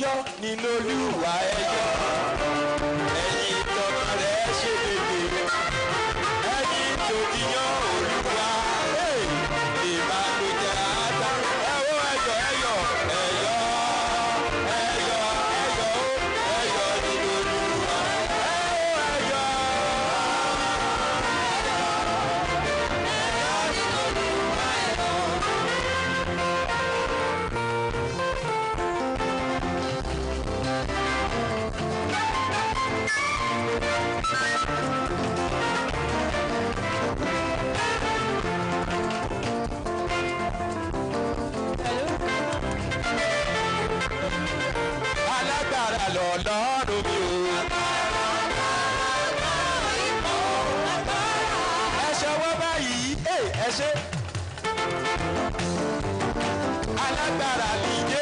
yọ nínú Olúwa ẹ yọ. agbára lọ́lọ́run mi o. agbára lọ́lọ́run ipò agbára. ẹ ṣọwọ́ báyìí ẹ ṣe. alágbára nìyẹn.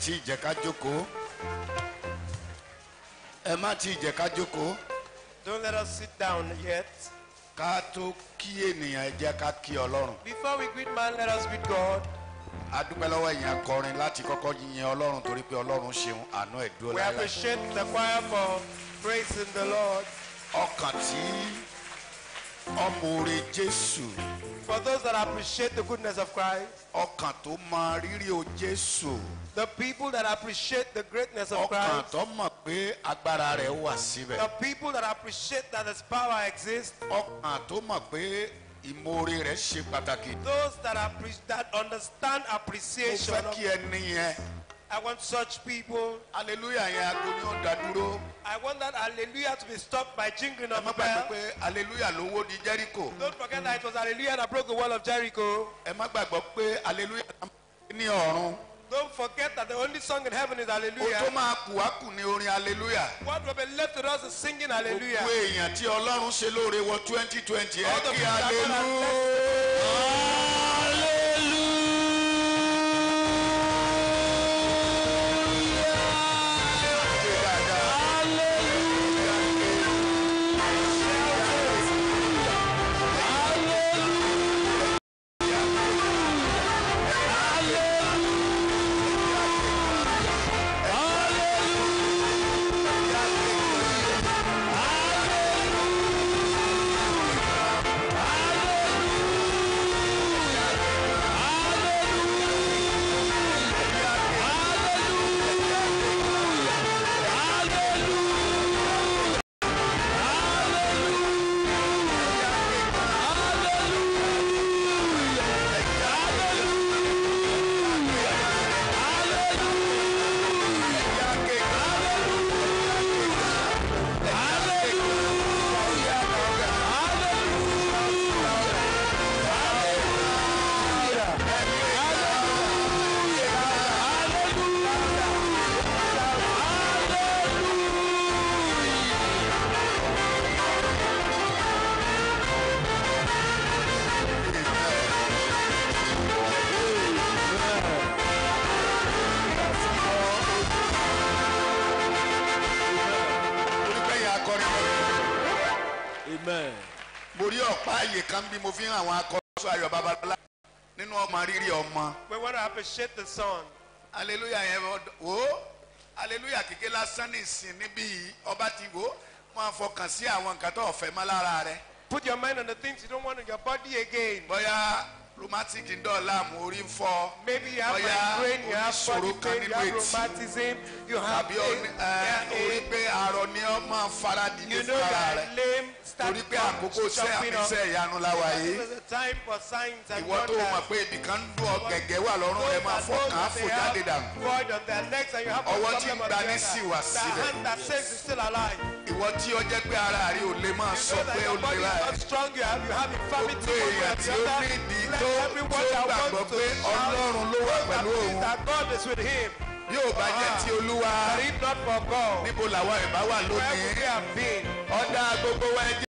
ti jẹ́ ká jókòó ẹ má ti jẹ́ ká jókòó. don't let us sit down yet. ká tó kí ènìyàn ẹ ká kí ọlọ́run. before we greet man let us greet God. a lọ́wọ́ ẹ̀yin akọrin láti kọ́kọ́ yin ọlọ́run torí pé ọlọ́run ṣeun àánú ẹ̀ dúró we appreciate the choir for praising the Lord. ọkàn tí. For those that appreciate the goodness of Christ, the people that appreciate the greatness of Christ, the people that appreciate that His power exists, those that, that understand appreciation. I want such people. Hallelujah I want that hallelujah to be stopped by jingling of the bell. Ẹ má gbàgbé Jericho. Don't forget that it was hallelujah that broke the wall of Jericho. Ẹ hallelujah ọ̀run. Don't forget that the only song in heaven is hallelujah. tó hallelujah. What will be left to us is singing hallelujah. Gbogbo èèyàn tí Ọlọ́run ṣe twenty amen. mo rí ọ̀pá àyè kan bí mo fi hàn àwọn akọ́ṣọ́ ayọ̀ babalọ́lá nínú ọmọ rírì ọmọ. we want to appreciate the song. hallelujah yẹn wo hallelujah kéke lásán ní ìsìn níbí ọba ti wo máa fọkàn sí àwọn nǹkan tó ọ̀fẹ́ mọ́ lára rẹ. put your mind on the things you don't want in your body again. bóyá rheumatic ń dọ̀la mú orí ń fọ́. maybe you have migraine you have body pain you have rheumatism you have pain. tàbí eh, orí pé arọ ni ọ máa fara dìde fún rẹ. you know that lame start torí pé àkókò iṣẹ́ àmísẹ́ ìyanu la wà yìí ìwọ tó mọ̀ pé ibìkan ń dùn ọ gẹ̀gẹ̀ wà lọ́rùn rẹ máa fọ́ kàn á fò jáde dànù ọwọ́ tí ń gbani sì wà sílẹ̀ ìwọ tí ó jẹ́ pé ara rí o lè máa sọ pé o lè ra ẹ̀ gbogbo èèyàn tí ó rí ibi tó tó gbàgbọ́ pé ọlọ́run ló wà pẹ̀lú òun bí ò bá jẹ́ ti olúwa níbo làwọn ìbá wà lónìí ọ̀dà gbogbo wa ẹjẹ́.